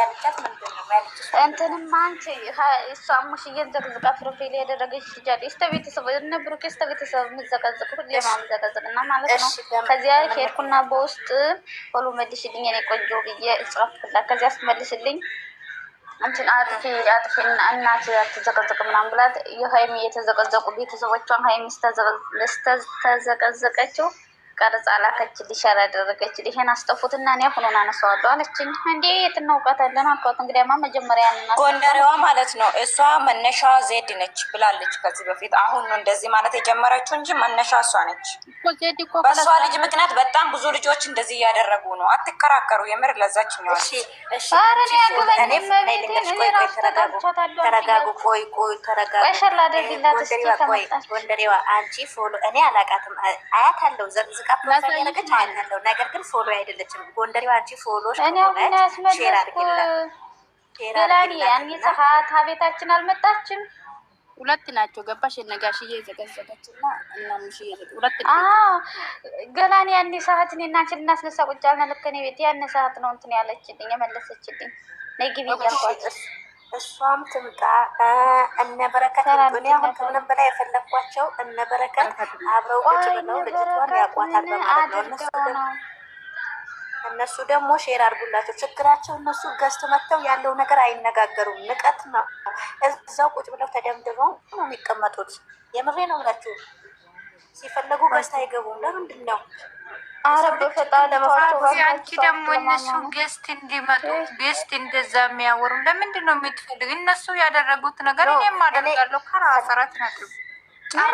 ያለቻት ምንድን ነው ያለችሽ? እንትንም አንቺ እሷ ሙሽዬን ዘቅዝቃ ፕሮፌል ያደረገች ልጃል ስተ ቤተሰብ እነ ብሩኬ ስተ ቤተሰብ የምዘቀዝቅ ሁሌ ማምዘቀዝቅ እና ማለት ነው። ከዚያ ሄድኩና በውስጥ ቶሎ መልሽልኝ የኔ ቆንጆ ብዬ እጽፍኩላት። ከዚያ ስትመልስልኝ እንትን አጥፊ አጥፊ እናት አትዘቀዘቅ ምናምን ብላት የሀይሚ የተዘቀዘቁ ቤተሰቦቿን ሀይሚ ስተዘቀዘቀችው ቀርጻ ላከችልሽ ያላደረገችልሽ ይሄን አስጠፉትና እኔ አሁኑን አነሳዋለሁ አለችኝ። እንዴ የት እናውቃታለን አልኳት። እንግዲያማ መጀመሪያ ጎንደሬዋ ማለት ነው እሷ መነሻ ዜድ ነች ብላለች ከዚህ በፊት። አሁን ነው እንደዚህ ማለት የጀመረችው እንጂ መነሻ እሷ ነች። በእሷ ልጅ ምክንያት በጣም ብዙ ልጆች እንደዚህ እያደረጉ ነው። አትከራከሩ። የምር ለዛችኛዋል እኔ ተረጋጉ። ቆይ ቆይ ተረጋጉ። ጎንደሬዋ አንቺ ፎሎ እኔ አላቃትም፣ ዘቅዝቃ ነገር ግን ፎሎ አይደለችም ጎንደሬዋ። አንቺ ፎሎ ቤታችን አልመጣችም። ሁለት ናቸው። ገባሽ? ነጋሽዬ የዘቀዘቀችና እኔ ቤት ነው እንትን ያለችልኝ የመለሰችልኝ እያልኳት እሷም ትምጣ። እነበረከት እኔ አሁን ከምንም በላይ የፈለግኳቸው እነበረከት አብረው ቁጭ ብለው ልጅቷን ያቋታል በማለት ነው። እነሱ እነሱ ደግሞ ሼር አድርጉላቸው። ችግራቸው እነሱ ገዝት መጥተው ያለው ነገር አይነጋገሩም። ንቀት ነው። እዛው ቁጭ ብለው ተደምድበው ነው የሚቀመጡት። የምሬ ነው ምላችሁ። ሲፈለጉ ገዝት አይገቡም። ለምንድን ነው አረብ አንቺ ደግሞ እነሱ ጌስት እንዲመጡ ጌስት እንደዛ የሚያወሩ ለምንድን ነው የምትፈልግ? እነሱ ያደረጉት ነገር እኔም አደርጋለሁ። ከራሰራት ምን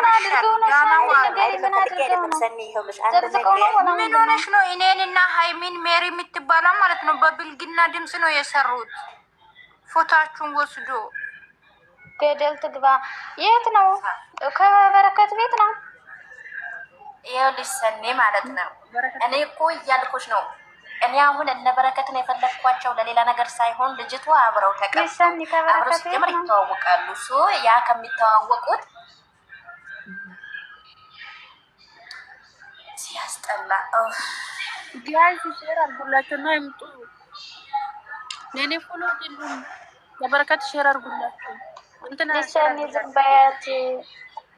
ሆነሽ ነው? እኔንና ሀይሚን ሜሪ የምትባለው ማለት ነው በብልግና ድምፅ ነው የሰሩት። ፎታችሁን ወስዶ ገደል ትግባ። የት ነው? ከበረከት ቤት ነው ይኸውልሽ፣ ሰኔ ማለት ነው እኔ እኮ እያልኩሽ ነው። እኔ አሁን እነ በረከትን የፈለግኳቸው ለሌላ ነገር ሳይሆን ልጅቷ አብረው ተቀአብረው ይተዋወቃሉ። ሶ ያ ከሚተዋወቁት ሲያስጠላ ቢያንስ ሼር አድርጉላቸውና ይምጡ። ለእኔ ፎሎ ድሉም ለበረከት ሼር አድርጉላቸው። እንትና ዝም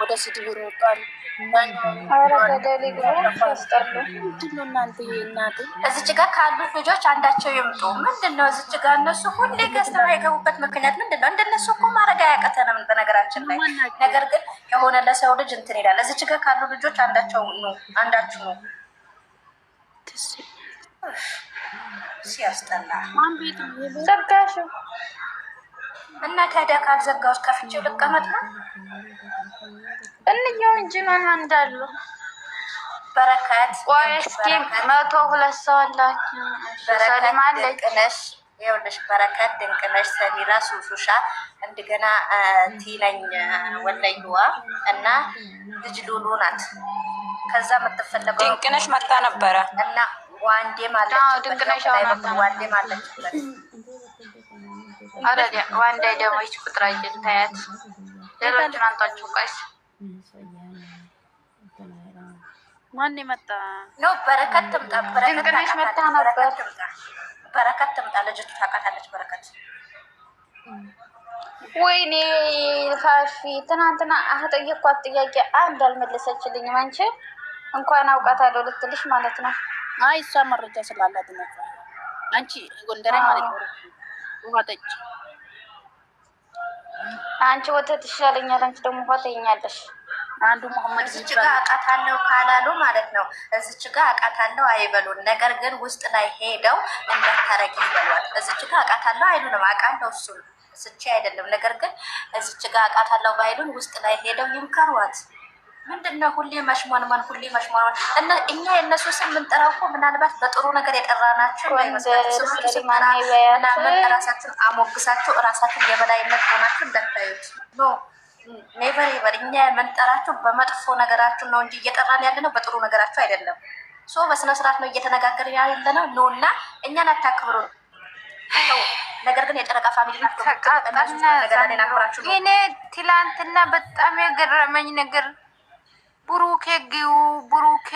ወደ ስድብ ይሮጣል። እናንተ እናንተ እዚች ጋር ካሉት ልጆች አንዳቸው ይምጡ። ምንድን ነው እዚች ጋር እነሱ ሁሌ ገዝተው የገቡበት ምክንያት ምንድን ነው? እንደነሱ እኮ ማድረግ አያቀተንም በነገራችን ላይ ነገር ግን የሆነ ለሰው ልጅ እንትን ይላል። እዚች ጋር ካሉ ልጆች አንዳቸው ነው አንዳችሁ ነው ሲያስጠላ እና ታዲያ ካልዘጋሁት ከፍቼ ልቀመጥ ነው። እንየው እንጂ ምን እንዳሉ በረከት ወይ እስኪ መቶ ሁለት ሰው አላችሁ። ሰሊማለቅነሽ ይኸውልሽ፣ በረከት ድንቅነሽ፣ ሰሚራ ሱሱሻ፣ እንደገና ቲነኝ ወለዩዋ እና ልጅ ሉሉ ናት። ከዛ የምትፈለገው ድንቅነሽ መጣ ነበረ እና ዋንዴ ማለት ድንቅነሽ ዋንዴ ማለት አረዲ ዋንዳ ደግሞ ይች ቁጥር ታያት። ሌሎችን አንጧቸው። ቀስ ማን የመጣ ነው? በረከት ትምጣ። ድንቅነሽ መጣ ነበር። በረከት ትምጣ። ልጅቱ ታውቃታለች። በረከት ወይኔ ሀፊ ትናንትና ጠየኳት ጥያቄ አንድ አልመለሰችልኝም። አንቺ እንኳን አውቃታለሁ ልትልሽ ማለት ነው። አይ እሷ መረጃ ስላላት ነው። አንቺ ጎንደሬ ማለት ነው ውሃ ጠጪ። አንቺ ወተት ይሻለኛል፣ አንቺ ደግሞ ውሃ ትይኛለሽ። አንዱ መሐመድ እዚች ጋ አውቃታለሁ ካላሉ ማለት ነው። እዚች ጋ አውቃታለሁ አይበሉን፣ ነገር ግን ውስጥ ላይ ሄደው እንዳታረጊ ይበሏል። እዚች ጋ አውቃታለሁ አይሉንም። አውቃለሁ እሱ ስቼ አይደለም። ነገር ግን እዚች ጋ አውቃታለሁ ባይሉን ውስጥ ላይ ሄደው ይምከሯት። ምንድነው ሁሌ መሽሟንማን ሁሌ መሽሟንማን እና እኛ የእነሱ ስም የምንጠራው እኮ ምናልባት በጥሩ ነገር የጠራናቸው ናቸውራሳችን አሞግሳቸው ራሳችን የበላይነት ሆናችሁ እንዳታዩት ኖ ኔቨር እኛ የምንጠራቸው በመጥፎ ነገራችሁ ነው እንጂ እየጠራን ያለ ነው በጥሩ ነገራችሁ አይደለም። ሶ በስነስርዓት ነው እየተነጋገር ያለ ነው። ኖ እና እኛን አታክብሩ። ነገር ግን የጨረቃ ፋሚሊ ናቸው። ትላንትና በጣም የገረመኝ ነገር ብሩኬ ግዩ ብሩኬ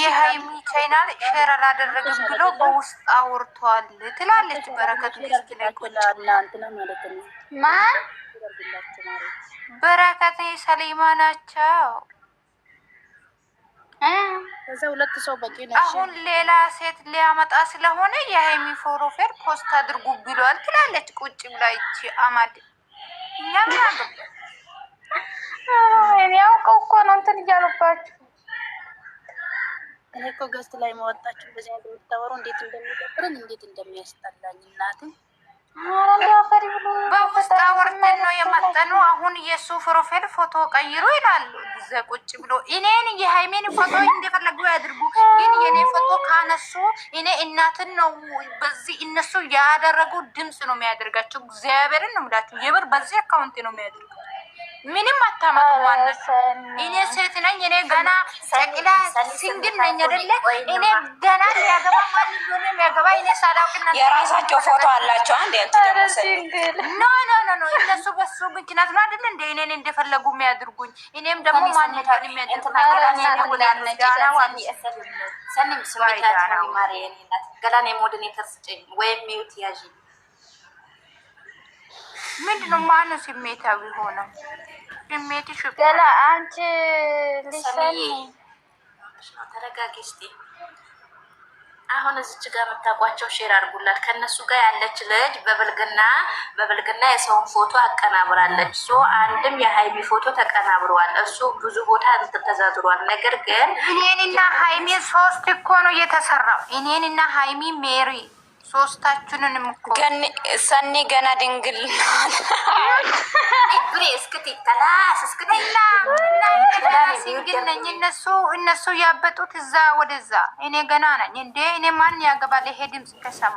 የሀይሚ ቻይናል ሼር አላደረግም ብሎ በውስጥ አውርቷል ትላለች። በረከቱ ማ በረከት ሰሊማ ናቸው። አሁን ሌላ ሴት ሊያመጣ ስለሆነ የሀይሚ ፎሮፌር ፖስት አድርጉ ብሏል ትላለች። ቁጭ ብላ ይቺ አማድ እኛ እኔ አውቀው እኮ ነው እንትን እያሉባችሁ። እኔ እኮ ገዝት ላይ መወጣችሁ በዚህ አይነት የምታወሩ እንዴት እንደሚደብረኝ እንዴት እንደሚያስጠላኝ እናትን በውስጥ አውርተን ነው የመጠኑ። አሁን የእሱ ፕሮፋይል ፎቶ ቀይሮ ይላሉ። ዘ ቁጭ ብሎ እኔን የሃይሜን ፎቶ እንደፈለጉ ያድርጉ፣ ግን የኔ ፎቶ ካነሱ እኔ እናትን ነው በዚህ እነሱ ያደረጉ ድምፅ ነው የሚያደርጋቸው። እግዚአብሔርን ነው የምላቸው። የብር በዚህ አካውንት ነው የሚያደርጋቸው ምንም አታመጡ። አታመጡም። እኔ ሴት ነኝ። እኔ ገና ጨቅላ ሲንግል ነኝ አይደለ? እኔ ገና የሚያገባ ማን እንደሆነ የሚያገባ እኔ ሳላውቅና የራሳቸው ፎቶ አላቸው። አንድ ያንተ ኖ ኖ ኖ ኖ እነሱ በሱ ምክንያት ነው አይደለ? እንደ እኔን እንደፈለጉ የሚያድርጉኝ እኔም ደግሞ ማን የሚያድርጉኝ ምንድነው? ማነው ስሜታዊ ሆነው ገና አንቺ ሊሰሚ ተረጋጊ እስኪ። አሁን እዚች ጋር የምታውቋቸው ሼር አድርጉላት። ከእነሱ ጋር ያለች ልጅ በብልግና በብልግና የሰውን ፎቶ አቀናብራለች። ሶ አንድም የሀይሚ ፎቶ ተቀናብረዋል። እሱ ብዙ ቦታ ተዘዝሯል። ነገር ግን እኔንና ሀይሚ ሶስት እኮ ነው እየተሰራው እኔንና ሀይሚ ሜሪ ሶስታችንንም እኮ ሰኒ ገና ድንግል ድንግል ነኝ። እነሱ እነሱ ያበጡት እዛ ወደዛ፣ እኔ ገና ነኝ እንዴ? እኔ ማን ያገባል? ይሄ ድምፅ ተሰማ።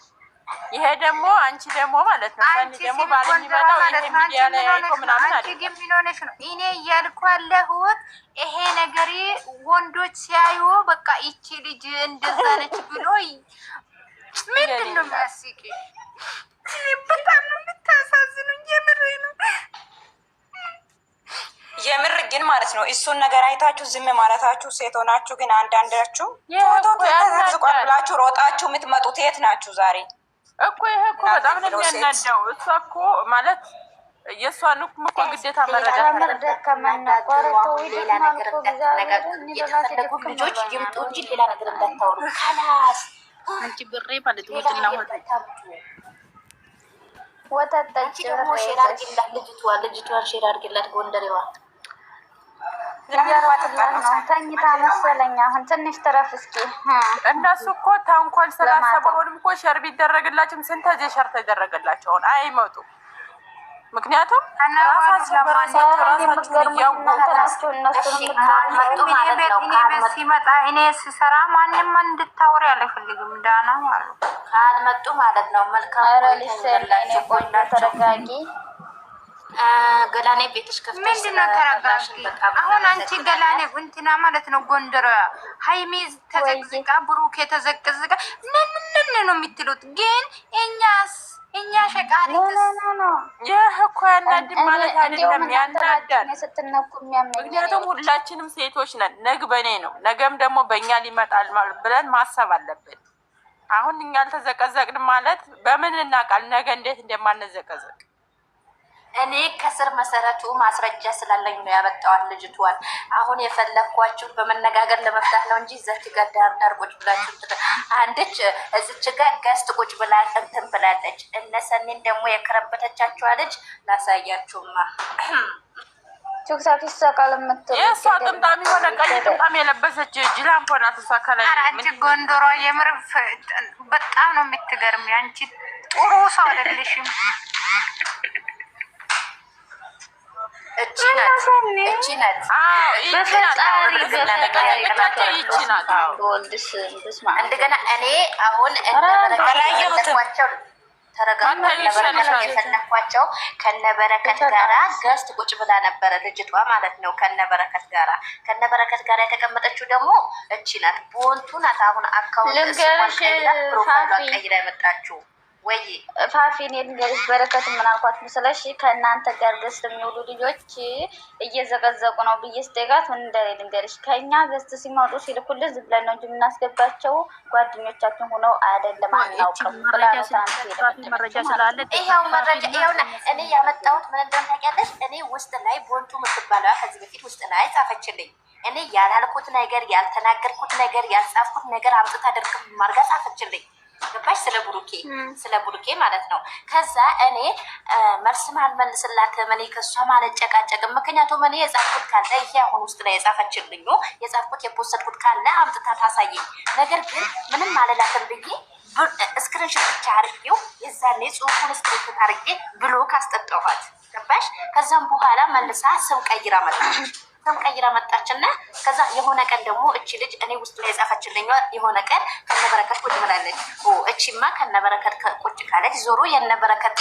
ይሄ ደግሞ አንቺ ደግሞ ማለት ነው አንቺ ደግሞ ባለኝ ባለሚመጣው ይሄ ሚዲያ ላይ አይቶ ነው? አንቺ ግን ምን ሆነሽ ነው? እኔ እያልኩ ያለሁት ይሄ ነገር ወንዶች ሲያዩ በቃ ይቺ ልጅ እንደዛ ነች ብሎ ምንድን ነው የሚያስቂ? በጣም ነው የምታሳዝኑኝ። የምሬ ነው የምር ግን ማለት ነው እሱን ነገር አይታችሁ ዝም ማለታችሁ ሴት ሆናችሁ ግን አንዳንዳችሁ ፎቶ ተዘቅዝቋል ብላችሁ ሮጣችሁ የምትመጡት የት ናችሁ ዛሬ? እኮ ይሄ እኮ በጣም ነው የሚያናደው። እሷ እኮ ማለት የእሷን እኮ እኮ ግዴታ መረዳት ልጆች ይምጡ እንጂ ሌላ ነገር እንዳታወሩ። ከላስ አንቺ ብሬ ማለት ወትና ወተት ጠጪ ደግሞ ሼር አድርጊላት፣ ልጅቷ ልጅቷን ሼር አድርጊላት ጎንደሬዋ ተኝታ መሰለኝ። አሁን ትንሽ ትረፍ እስኪ። እነሱ እኮ ተንኮል ስላሰቡ አሁንም እኮ ሸር ቢደረግላቸውም ስንት ሸር ተደረገላቸውን አይመጡም። ምክንያቱም ራሳቸው በራሳቸው ሲመጣ እኔ ስሰራ ማንም እንድታወሪ አልፈልግም። ዳና አሉ ካልመጡ ማለት ነው። መልካም ቆይ ተረጋጊ ገላኔ ቤትሽ ከፍተሽ አሁን አንቺ ገላኔ እንትና ማለት ነው ጎንደር ሀይሚ ተዘቅዝቃ ብሩክ ነው የምትሉት? ግን እኛስ እኛ ይህ እኮ ማለት አይደለም፣ ያናዳል። ምክንያቱም ሁላችንም ሴቶች ነን። ነግ ነው ነገም ደግሞ በእኛ ሊመጣል ብለን ማሰብ አለብን። አሁን እኛ አልተዘቀዘቅን ማለት በምን እናውቃል ነገ እንዴት እንደማንዘቀዘቅ እኔ ከስር መሰረቱ ማስረጃ ስላለኝ ነው ያመጣዋት ልጅቷን። አሁን የፈለግኳችሁ በመነጋገር ለመፍታት ነው እንጂ እዛች ጋር ዳር ዳር ቁጭ ብላችሁ አንድች እዝች ጋር ገስት ቁጭ ብላ እንትን ብላለች። እነሰኔን ደግሞ የከረበተቻችኋ ልጅ ላሳያችሁማ። ቲክታክ ይሳቃል የምትለው የእሷ ጥምጣም የሆነ ቀይ ጥምጣም የለበሰች ጅላምፖ ናት። እሷ ከላይ አንቺ ጎንደሯ የምር በጣም ነው የምትገርም። አንቺ ጥሩ ሰው አይደለሽም። እንደገና እኔ አሁን የፈለኳቸው ከነበረከት ጋራ ገዝት ቁጭ ብላ ነበረ ልጅቷ ማለት ነው። ከነበረከት ጋራ ከነበረከት ጋራ የተቀመጠችው ደግሞ እቺ ናት፣ ቦንቱ ናት። አሁን አካውንት ቀይራ የመጣችው ወይ ፋፊን የድንገሪት በረከት ምናልኳት ምስለሽ ከእናንተ ጋር ገዝት የሚውሉ ልጆች እየዘቀዘቁ ነው ብዬ ስደጋት ምን እንደሌ ድንገሪሽ ከእኛ ገዝት ሲመጡ ሲልኩልን ዝም ብለን ነው እንጂ የምናስገባቸው ጓደኞቻችን ሆነው አይደለም፣ አናውቅም። መረጃ ስላለ ይኸው መረጃ ይኸውና፣ እኔ ያመጣሁት ምን እንደሆነ ታውቂያለሽ? እኔ ውስጥ ላይ ቦንቱ የምትባለዋ ከዚህ በፊት ውስጥ ላይ ጻፈችልኝ። እኔ ያላልኩት ነገር ያልተናገርኩት ነገር ያልጻፍኩት ነገር አምጥታ ደርግ ማርጋ ጻፈችልኝ። ገባሽ? ስለ ቡሩኬ ስለ ቡሩኬ ማለት ነው። ከዛ እኔ መልስ አልመልስላትም። እኔ ከእሷ ማለት ጨቃጨቅም። ምክንያቱም እኔ የጻፍኩት ካለ ይሄ አሁን ውስጥ ነው የጻፈችልኝ። የጻፍኩት የፖሰድኩት ካለ አምጥታ ታሳየኝ። ነገር ግን ምንም አልላትም ብዬ እስክሪንሽት ብቻ አርጌው የዛኔ ጽሁፉን እስክሪንሾት አርጌ ብሎክ ካስጠጠኋት ገባሽ? ከዛም በኋላ መልሳ ስም ቀይራ መጣ ስም ቀይራ መጣች እና ከዛ የሆነ ቀን ደግሞ እቺ ልጅ እኔ ውስጡ ላይ የጻፈችልኝ የሆነ ቀን ከነበረከት ቁጭ ብላለች። እቺማ ከነበረከት ቁጭ ካለች ዞሮ የነበረከት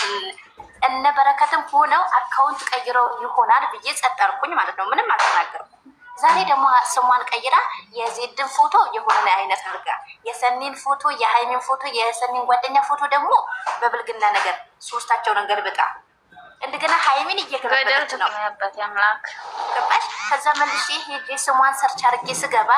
እነበረከትም ሆነው አካውንት ቀይረው ይሆናል ብዬ ጸጠርኩኝ ማለት ነው። ምንም አልተናገርኩም። ዛሬ ደግሞ ስሟን ቀይራ የዜድን ፎቶ የሆነ አይነት አድርጋ የሰኒን ፎቶ፣ የሀይሚን ፎቶ፣ የሰኒን ጓደኛ ፎቶ ደግሞ በብልግና ነገር ሶስታቸው ነገር ገልብጣ እንደገና ሀይሚን እየገበበት ነው። ገባሽ? ከዛ መልሼ ሄጄ ስሟን ሰርች አድርጌ ስገባ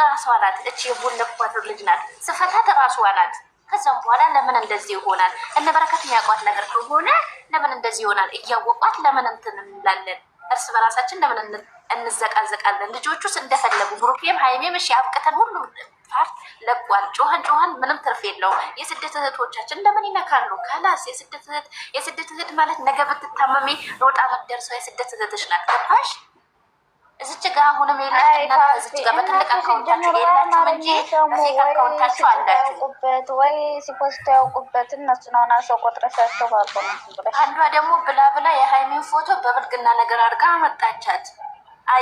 እራሷ ናት። እች የቡለኳት ልጅ ናት። ስፈታት እራሷ ናት። ከዛም በኋላ ለምን እንደዚህ ይሆናል? እነ በረከት የሚያውቋት ነገር ከሆነ ለምን እንደዚህ ይሆናል? እያወቋት ለምን እንትን እንላለን? እርስ በራሳችን ለምን እንዘቃዘቃለን? ልጆቹስ እንደፈለጉ ብሩኬም ሀይሜም እሺ፣ አብቅተን ሁሉ ፓርት ለቋል። ጮኸን ጮኸን ምንም ትርፍ የለው። የስደት እህቶቻችን ለምን ይነካሉ? ከላስ የስደት እህት የስደት እህት ማለት ነገ ብትታመሚ ሮጣ መደርሰው የስደት እህትሽ ናት። ገባሽ? እዚች ጋር አሁንም የላችሁ በትልቅ ወይ ሲፖስት ያውቁበት እነሱ ነው ናሰው ቆጥረሻቸው ነው። አንዷ ደግሞ ብላ ብላ የሀይሚን ፎቶ በብልግና ነገር አድርጋ አመጣቻት።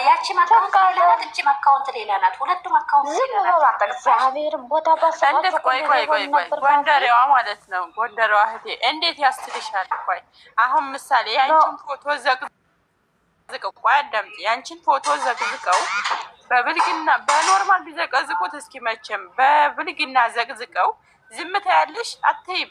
ያቺም አካውንት ሌላ ናት፣ አካውንት ሌላ ናት። ሁለቱም አካውንት ሌላ ናት። እግዚአብሔር ቦታ እንዴት ቆይ ቆይ ቆይ ቆይ ጎንደሬዋ ማለት ነው ጎንደሬዋ እህቴ እንዴት ያስትልሻል? ቆይ አሁን ምሳሌ ፎቶ ዘግ ዝቅቋ አዳምጪ። ያንቺን ፎቶ ዘቅዝቀው በብልግና በኖርማል ቢዘቀዝቁት እስኪ መቼም በብልግና ዘቅዝቀው ዝምታ ያለሽ አትይም።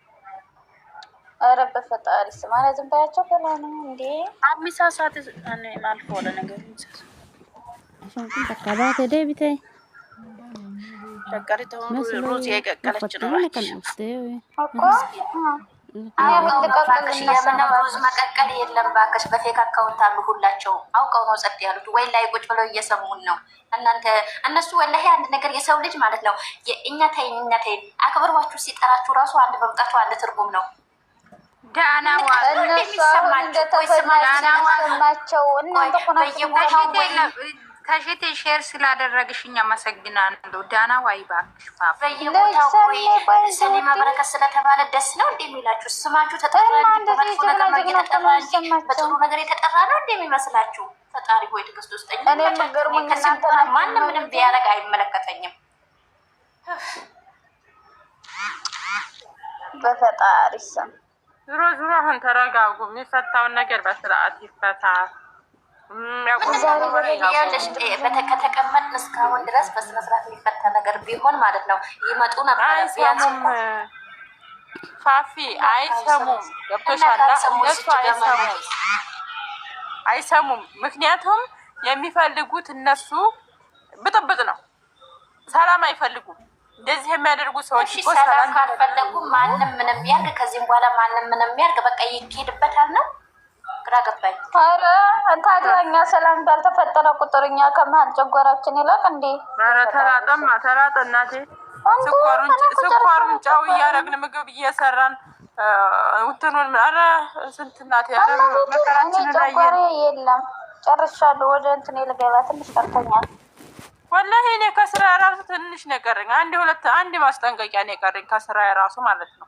ኧረ በፈጣሪ ስማ ዝም በያቸው። ከሆነ እንዴ አሚሳሳት እኔ ማልፎ ሩዝ መቀቀል የለም በፌክ አካውንት አሉ ሁላቸው አውቀው ነው ጸጥ ያሉት። ወይ ላይ ቁጭ ብለው እየሰሙን ነው። እናንተ እነሱ ወላሂ አንድ ነገር የሰው ልጅ ማለት ነው። እኛ ተይኝ እኛ ተይኝ አክብሯችሁ ሲጠራችሁ ራሱ አንድ መምጣችሁ አንድ ትርጉም ነው እንደተሰማቸው ከሽቴ ሼር ስላደረግሽኝ አመሰግናለሁ። ዳና ዋይ ስለተባለ ደስ ነው እንደ የሚላችሁ ስማችሁ በጥሩ ነገር የተጠራ ነው እንደ የሚመስላችሁ። ፈጣሪ ሆይ ትዕግስት ውስጠኝ። ማንም ምንም ቢያደርግ አይመለከተኝም። በፈጣሪ ስም ዝሮ ዝሮ አሁን ተረጋጉ። የሚፈታውን ነገር በስርዓት ይፈታ። ከተቀመጥን እስካሁን ድረስ የሚፈታ ነገር ቢሆን ማለት ነው ይመጡ ነበር። ፋፊ አይሰሙም። ገብቶሻል? አይሰሙም። ምክንያቱም የሚፈልጉት እነሱ ብጥብጥ ነው፣ ሰላም አይፈልጉም። እንደዚህ የሚያደርጉ ሰዎች እኮ ሰላም ካልፈለጉ ማንም ምንም ያርግ፣ ከዚህም በኋላ ማንም ምንም ያርግ፣ በቃ ይሄድበታል ነው። ግራ ገባኝ። ኧረ ታዲያ እኛ ሰላም ባልተፈጠረ ቁጥር እኛ ከመሀል ጨጓራችን ይላል እንዴ? ኧረ ተራጠማ ተራጠ እናቴ፣ ስኳሩን ጫው እያደረግን ምግብ እየሰራን ውትኑን ኧረ ስንት እናቴ፣ ኧረ መከራችን ላይ የለም። ጨርሻለሁ። ወደ እንትን ልገባ ትንሽ ቀርተኛል። ወላሂ እኔ ከስራ የራሱ ትንሽ ነገር አንድ ሁለት አንድ ማስጠንቀቂያ ነው የቀረኝ ከስራ የራሱ ማለት ነው።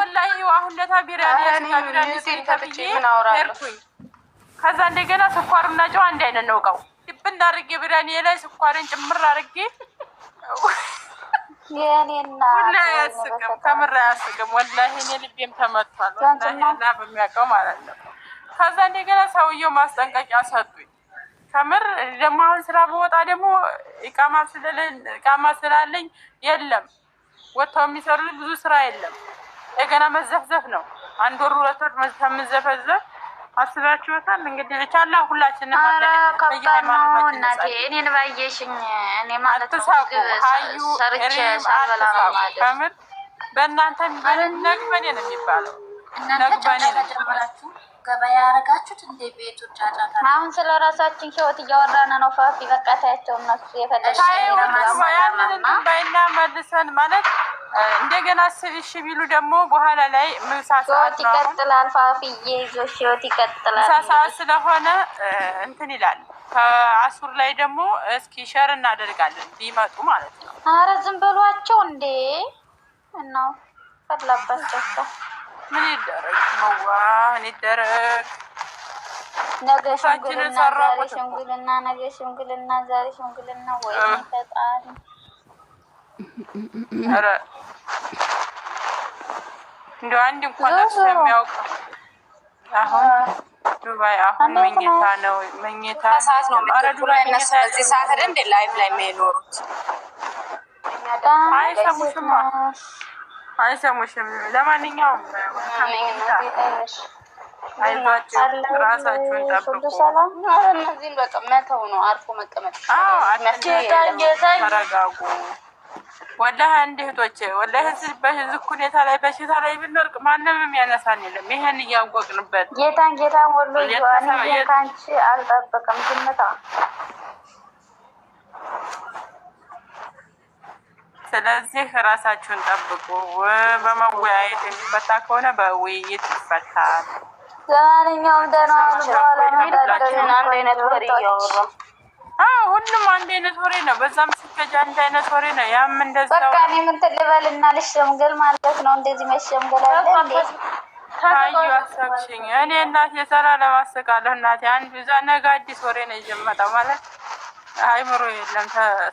ወላሂ አሁን ለታ ቢራኒያቢራኒርኩኝ ከዛ እንደገና ስኳርና ጨው አንድ አይነት ነው እቃው ድብን አድርጌ ቢራኒ ላይ ስኳርን ጭምር አድርጌ ወላሂ ከምር አያስቅም። ወላሂ እኔ ልቤም ተመቷል። ወላሂ አላህ በሚያውቀው ማለት ነው ከዛ እንደገና ሰውየው ማስጠንቀቂያ ሰጡኝ። ከምር ደግሞ አሁን ስራ በወጣ ደግሞ ቃማ ስላለኝ የለም ወጥተው የሚሰሩት ብዙ ስራ የለም። እንደገና መዘፍዘፍ ነው። አንድ ወር ሁለት ወር ከምዘፈዘፍ አስባችሁታል። እንግዲህ ብቻላ ሁላችን እናቴ እኔን ባየሽኝ እኔ ማለት ሰርቼ ሳልበላ ነው ማለት ከምር በእናንተ ነግበኔ ነው የሚባለው ገበያ ያደረጋችሁት እንደ ቤቶች አጫታ። አሁን ስለ ራሳችን ህይወት እያወራን ነው። ፋፊ በቃ ታያቸው እነሱ የፈለግባይና መልሰን ማለት እንደገና እሺ ቢሉ ደግሞ በኋላ ላይ ምሳ ሰዓት ይቀጥላል። ፋፊዬ ይዞሽ ህይወት ይቀጥላል። ምሳ ሰዓት ስለሆነ እንትን ይላል። ከአሱር ላይ ደግሞ እስኪ ሸር እናደርጋለን ቢመጡ ማለት ነው። አረ ዝም በሏቸው እንዴ! እናው ፈላባቸው ምን ይደረግ መዋ ምን ይደረግ? ነገ ሽምግልና ዛሬ ሽምግልና፣ ነገ ሽምግልና ዛሬ ሽምግልና። ወይ ፈጣሪ ኧረ እንደው አንድ እንኳን እሱ የሚያውቅ አሁን ዱባይ አሁን መኝታ ነው መኝታ ነው። ኧረ ዱባይ እነሱ በዚህ ሰዓት እንደ ላይቭ ላይ የሚኖሩት አይሰሙሽማ አይሰሙሽም። ለማንኛውም አይዟችሁ፣ ራሳችሁን ጠብቁ። እነዚህን በቃ መተው ነው፣ አርፎ መቀመጥ። ተረጋጉ። ወላሂ አንድ እህቶቼ፣ ወላሂ በህዝብ ሁኔታ ላይ በሽታ ላይ ብንወርቅ ማንም የሚያነሳን የለም። ይሄን እያወቅንበት ጌታን ጌታን ወሎ አንቺ አልጠብቅም ዝምታ ስለዚህ ራሳችሁን ጠብቁ። በመወያየት የሚፈታ ከሆነ በውይይት ይፈታል። ለማንኛውም ደህና ሁሉም አንድ አይነት ወሬ ነው። በዛም ስከጃ አንድ አይነት ወሬ ነው። ያም እንደዛ በቃ እኔ ምን ትልበል እና ልሸምገል ማለት ነው። እንደዚህ መሸምገል አለ ታዩ አሳብሽኝ። እኔ እናቴ ሰራ ለማሰቃለሁ እናቴ አንዱ እዛ ነገ አዲስ ወሬ ነው ይዤ ማለት አይምሮ የለም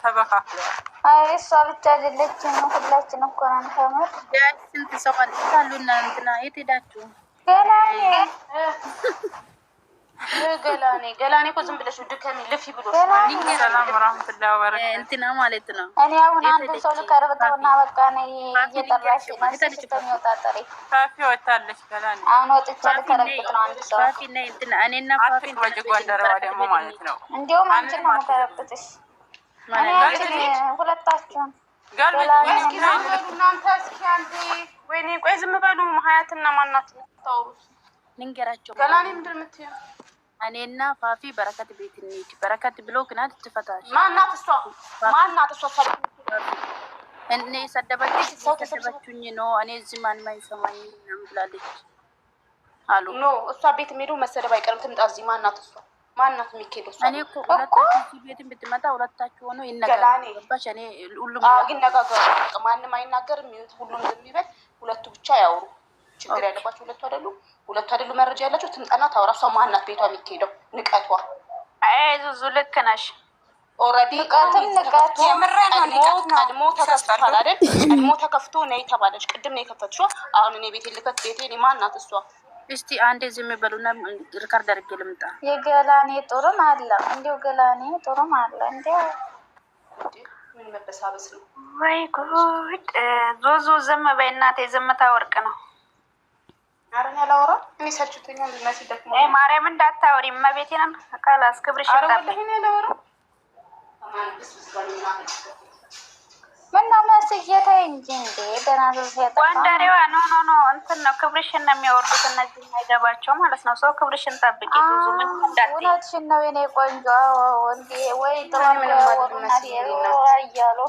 ተበካክለዋል። አይ እሷ ብቻ አይደለችም፣ ሁላችን እኮ ነን። ከምር ስንት ሰው አሉ እና እንትና የት ሄዳችሁ ገና ገላኔ ገላኔ እኮ ዝም ብለሽ ድከሚ ልፊ እንትና ማለት ነው። እኔ አሁን ሰው በቃ እየጠራሽ ፋፊ ወታለች። ገላኔ አሁን ወጥቼ ልከረብት ነው አንድ ሰው እኔና ፋፊ ጎንደረባ ደግሞ ማለት ነው። እንዲሁም አንቺን ነው ሁለታችሁን እናንተ እስኪ አንዴ ወይኔ ቆይ ዝም በሉ ሀያትና ማናት ገላኔ ምንድን እኔና ፋፊ በረከት ቤት እንሂድ። በረከት ብሎ ግና ትፈታሽ ማናት? እሷ ማናት? እሷ እኔ ሰደበች ሰደበችኝ ነው እኔ እዚህ ማንም አይሰማኝ ብላለች አሉ። ኖ እሷ ቤት የሚሄዱ መሰደብ አይቀርም። ትምጣ እዚህ። ማናት? እሷ ማናት? የሚካሄደው እሷ እኔ እኮ ሁለታችሁ ቤትን ብትመጣ ሁለታችሁ ሆኖ ይነጋገሩባሽ። እኔ ሁሉም ይነጋገሩ፣ ማንም አይናገርም። ሁሉም ዝም ይበል፣ ሁለቱ ብቻ ያውሩ። ችግር ያለባቸው ሁለቱ አይደሉ ሁለቱ አይደሉ መረጃ ያላቸው ትምጣና ታውራ። እሷ ማናት ቤቷ የሚካሄደው ንቀቷ ዙዙ ልክ ነሽ። ኦልሬዲ ቀድሞ ተከፍቷል አይደል? ቀድሞ ተከፍቶ ነይ ተባለች። ቅድም ነው የከፈትሽው። አሁን እኔ ቤቴ ልከት ቤቴ እኔ ማናት እሷ? እስቲ አንዴ ዝም በሉና ሪከርድ አድርጌ ልምጣ። የገላኔ ጥሩም አለ እንዲው ገላኔ ጥሩም አለ እንዲሁ ምን መበሳበስ ነው ወይ ጉድ። ዙዙ ዝም በይ እናቴ፣ ዝምታ ወርቅ ነው። አረኛ ላውራ እኔ ሰልችቶኛል። ልናሲ ማርያም እንዳታወሪ እመቤቴን ካላስ ክብርሽ ይጣጣል። ኖ ኖ ኖ እንትን ነው ክብርሽን ነው የሚያወርዱት እነዚህ የማይገባቸው ማለት ነው። ሰው ክብርሽን ጠብቂ። እውነትሽን ነው የኔ ቆንጆ። ወይ እያሉ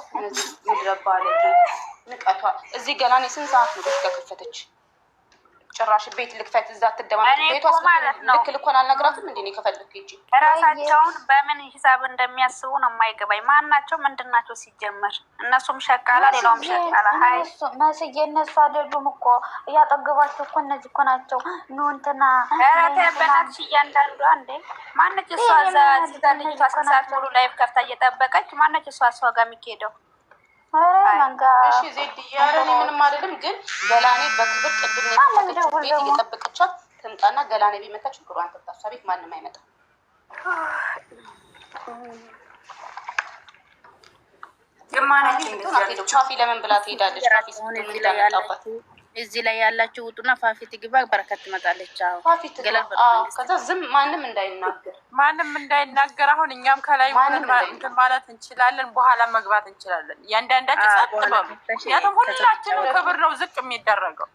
እዚህ ገና ስንት ሰዓት ከከፈተች ጭራሽ ቤት ልክፈት እዛ ትደማመጥ ቤቷ ልክ ልኮን አልነግራትም። እንዲ ከፈለግ ሂጂ። ራሳቸውን በምን ሂሳብ እንደሚያስቡ ነው የማይገባኝ። ማናቸው ምንድን ናቸው ሲጀመር? እነሱም ሸቃላ፣ ሌላውም ሸቃላ። መስዬ እነሱ አይደሉም እኮ እያጠገባቸው እኮ እነዚህ እኮ ናቸው። ኑ እንትና በናትሽ እያንዳንዷ እንዴ ማነች እሷ? ዛ ልጅቷ ስንት ሰዓት ሙሉ ላይፍ ከፍታ እየጠበቀች ማነች እሷ? እሷ ጋር የሚካሄደው እሺ ዜድዬ፣ ኧረ እኔ ምንም አይደለም፣ ግን ገላኔ በክብር ቅድም ቤት እየጠበቀቻት ትምጣና ገላኔ ቢመታች ክሯን ትምጣ። እሷ ቤት ማንም አይመጣም። ግማናችን ቻፊ ለምን ብላ ትሄዳለች? ፊ እዚህ ላይ ያላችሁ ውጡና ፋፊት ግባ፣ በረከት ትመጣለች። አዎ አዎ ፋፊት ግባ። ከዛ ዝም ማንም እንዳይናገር ማንም እንዳይናገር። አሁን እኛም ከላይ እንትን ማለት እንችላለን፣ በኋላ መግባት እንችላለን። እያንዳንዳችን ጸጥ በሉ። ምክንያቱም ሁላችንም ክብር ነው ዝቅ የሚደረገው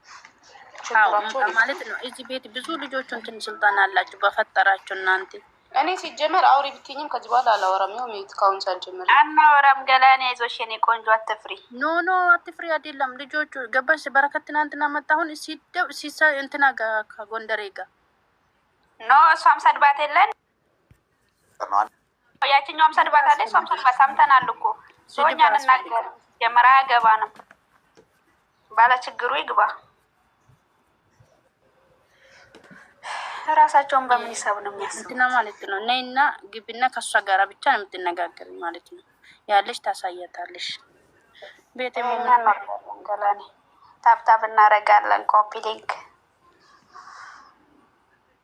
ማለት ነው። እዚህ ቤት ብዙ ልጆቹ እንትን ስልጣን አላችሁ በፈጠራችሁ እናንተ እኔ ሲጀመር አውሪ ብትኝም ከዚህ በኋላ አላወራም። ይኸው ሚዩት ካሁን ሳልጀምር አናወራም። ገላኔ ይዞሽ የኔ ቆንጆ አትፍሪ። ኖ ኖ አትፍሪ አይደለም ልጆቹ ገባሽ። በረከት ትናንትና መጣ። አሁን ሲደው ሲሳ እንትና ጋ ከጎንደሬ ጋ ኖ እሷም ሰድባት የለን ያችኛውም ሰድባት አለ እሷም ሰድባት ሰምተናል እኮ ሶኛ ንናገር ጀመራ ያገባ ነው ባለ ችግሩ ይግባ ራሳቸውን በምን ሂሳብ ነው የሚያስቡት ማለት ነው። እና እና ግቢና ከእሷ ጋራ ብቻ ነው የምትነጋገር ማለት ነው። ያለሽ ታሳያታለሽ። ቤት ገላኔ ታብታብ እናደርጋለን። ኮፒ ሊንክ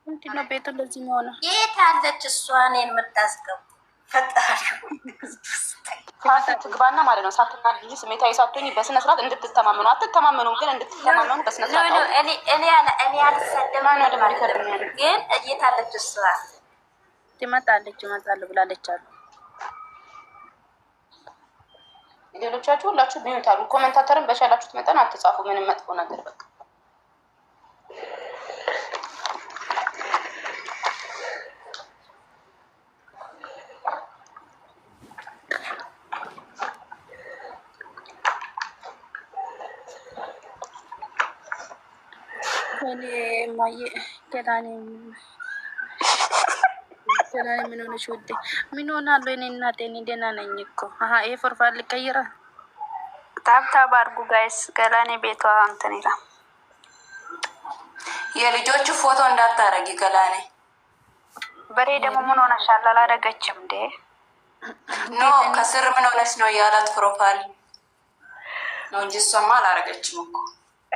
ምንድን ነው ቤቱ እንደዚህ መሆነ የት አለች እሷን የምታስገቡ ፈጣሪ ሀሴት ትግባና ማለት ነው። ሳትና ልጅ ስሜታዊ ሳትሆኝ በስነ ስርዓት እንድትተማመኑ አትተማመኑም፣ ግን እንድትተማመኑ በስነ ስርዓት ነው። ግን እየታለች ስራ ትመጣለች እመጣለሁ ብላለች አሉ ሌሎቻችሁ ሁላችሁ ቢዩት አሉ። ኮመንታተርን በቻላችሁት መጠን አትጻፉ ምንም መጥፎ ነገር በቃ እማዬ ገና ነኝ። ምን ሆነሽ ውዴ? ምን ሆናለሁ? እኔ እናቴ እኔ ደህና ነኝ እኮ። አሀ ይሄ ፎርፋ ልቀይረ ታብታብ አድርጉ ጋይስ። ገላኔ ቤቷ እንትን ይላል። የልጆቹ ፎቶ እንዳታረጊ ገላኔ። በሬ ደግሞ ምን ሆነሻል? አላረገችም እንዴ? ኖ ከስር ምን ነው ያላት ፕሮፋይል ነው እንጂ እሷማ አላረገችም እኮ።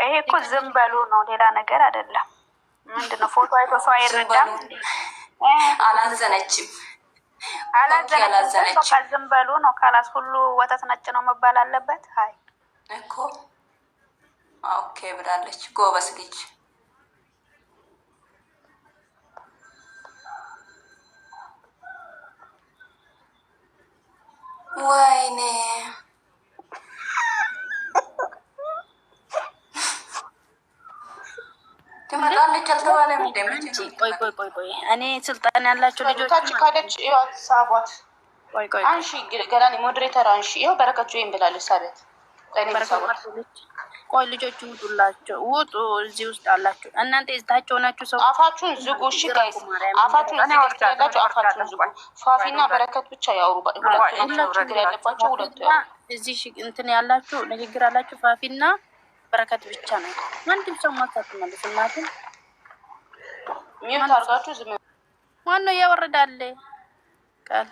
ይሄ እኮ ዝም በሉ ነው፣ ሌላ ነገር አይደለም። ምንድነው ፎቶ አይቶ ሰው አይረዳም። አላዘነችም አላዘነችም። ዝም በሉ ነው ካላስ ሁሉ ወተት ነጭ ነው መባል አለበት። አይ እኮ ኦኬ ብላለች። ጎበስ ልጅ ወይኔ ቆይ ቆይ ቆይ ቆይ እኔ ስልጣን ያላቸው ልጆች ታች ካደች ሳቧት። ቆይ ቆይ አንሺ ገላኔ ሞዴሬተር አንሺ። ይኸው በረከት ወይም ብላለች ሳቤት። ቆይ ልጆቹ ውጡላቸው፣ ውጡ። እዚህ ውስጥ አላችሁ እናንተ የዝታቸው ናችሁ። ሰው አፋችሁን ዝጉ። እሺ ጋይስ አፋችሁን ዝጉ። ፋፊና በረከት ብቻ ያውሩ። እዚህ እንትን ያላችሁ ንግግር አላችሁ። ፋፊና በረከት ብቻ ነው። አንድም ሰው ማሳት ማለት እናትን ዝም ማን ነው ያወርዳል ቃል